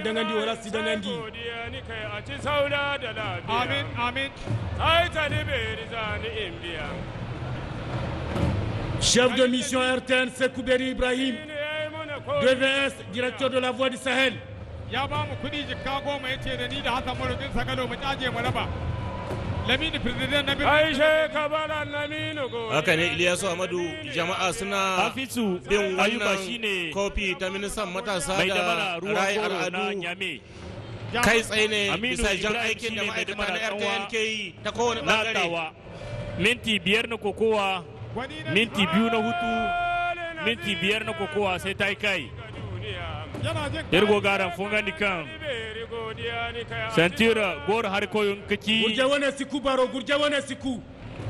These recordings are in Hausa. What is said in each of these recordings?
dangandi wala su dangandi amin amin chef de mission RTN Ibrahim DVS directeur de la du Sahel ya ba mu kudi jikka goma ya ce da ni da Hassan Marudin Sagalo mu caje mu raba Lamini president na Aisha Kabala haka ne iliyasu amadu jama'a suna bin wannan kofi ta minisan matasa da rayu al'adu kai tsaye ne bisa jan aikin da ma'aikata na rtnk ta kowane bangare minti biyar na kokowa minti biyu na hutu minti biyar na kokowa sai ta yi kai irgo garan funga kan santira gor har koyon kaki gurje wane siku baro gurje wane siku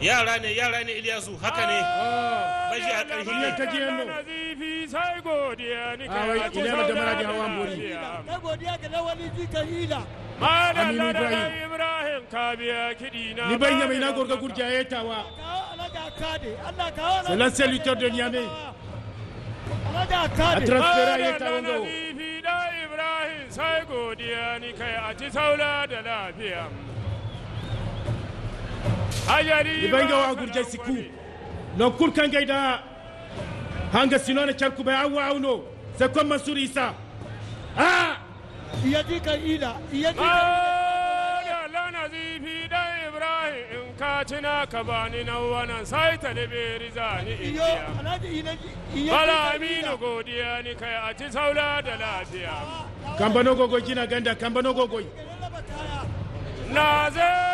yara ne yara ne Iliyasu haka ne bashi ah, a ƙarfi ne ta ji yanno a da da godiya ga lawali ji ka ibrahim ni bai yamma na gorga gurja ya tawa C'est l'ancien de A transfera ya tawa Sai a ci saula da lafiya. wa gurje siku non kulkan gaida hanga sinona charku bai awa auno sai kon mansur isa a iyadi kan ida iyadi kan lana zifi dan ibrahim in ka tuna ka bani nan wannan sai ta da beri zani iya bala amino godiya ni kai a ci saula da lafiya kambano gogo kina ganda kambano gogo na zai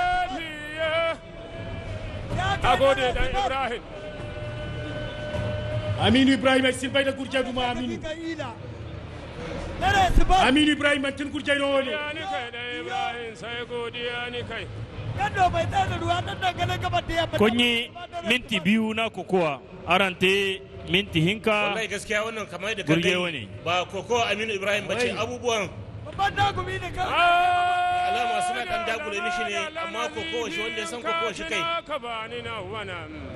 Agode Ibrahim. Aminu Ibrahim ay silbay da gurje duma Aminu. Aminu Ibrahim mantin gurje da wole. Ni kai da Ibrahim minti biyu na kokowa. Arante minti hinka. Wallahi Gurje wani. Ba kokowa Aminu Ibrahim bace abubuwan. Babban dagumi ah! ku nemi shi ne amma kokowa shi wanda ya san kokowa shi kai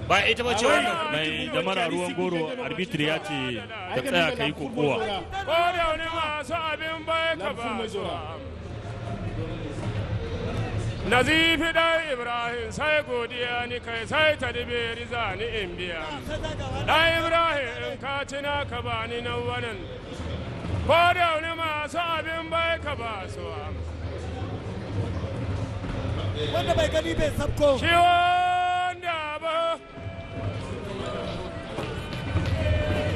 ba ita ba ce wannan mai da damara ruwan goro arbitri ya ce ka tsaya ka yi kokowa nazifi dai ibrahim sai godiya ni kai sai ta dibe riza ni in biya dai ibrahim in ka ci na ka ba ni nan wannan ko da wani masu abin bai ka ba su wanda bai gani bai sabko ba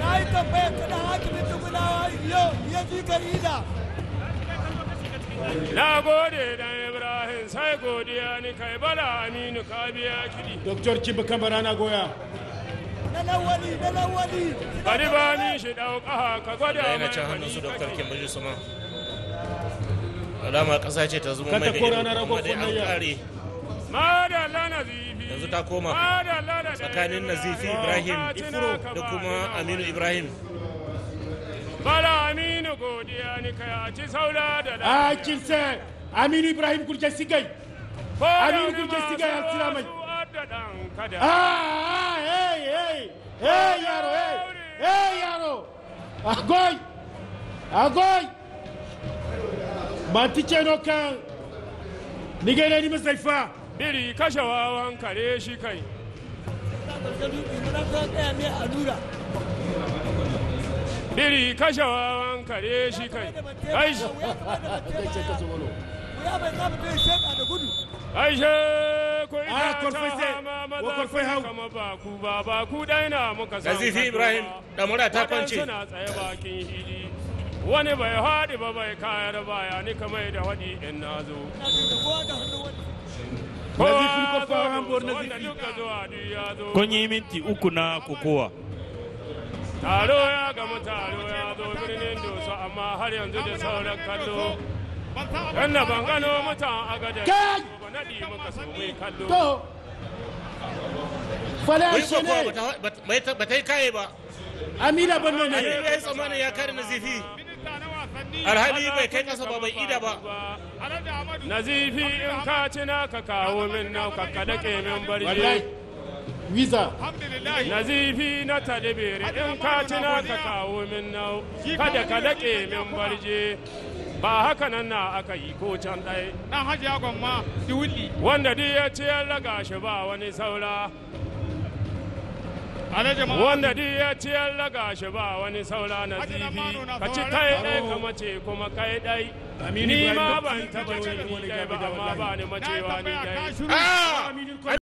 na yi tambayar ta da hakimin tukunawa yau ya ji gari da Na gode dan Ibrahim sai godiya ni kai bala Aminu ka biya kidi. Doktor Kibu Kabara na goya. dalawali dalawali bari bani shi dauka ka gwada mai na can hannun su doktor kimbaji suma alamar ƙasa ce ta zuma mai da kuma an kare yanzu ta koma tsakanin nazifi ibrahim ifuro da kuma aminu ibrahim bala aminu godiya ni kai a ci saula da da a kirse aminu ibrahim kurje sigai aminu kurje sigai a tsira mai a hey hey hey yaro hey hey yaro agoy agoy matikeno kan nigereni misaifa biri kashe wawan kare shi kai biri kashe wawan kare shi kai aishi aishe ku ina ah, ta maza hau baku ba ku daina muka samu kazifi ibrahim damura ta kwance suna tsaye bakin hili wani bai haɗi ba bai kayar baya ni kamar da haɗi in na zo. Kowa Kun yi minti uku na kokowa. Taro ya gamu taro ya zo birnin doso amma har yanzu da sauran kallo. Yan da ban gano mutan agada ba naɗi muka su mai kallo. Falashe ne. Ba yi kaye ba. Amina ban ne. Amina ya tsammani ya kare na zifi. alhali bai kai kasa ba bai ida ba nazifi in ka ci na ka kawo min nau ka kada ke min barje Wiza. Nazifi na talibiri in ka ci na ka kawo min nau kada ka dake min barje ba haka nan na aka yi ko can ɗaya. Ɗan hajiya gwamma, diwulli. Wanda duk ya ciyar da gashi ba wani saura. wanda duk ya ci ya laga shi ba wani saura na zibi ka ci kai ɗai ka mace kuma kai ɗai ni ma ban taɓa ci ni ɗai ba amma ba ni macewa ni ɗai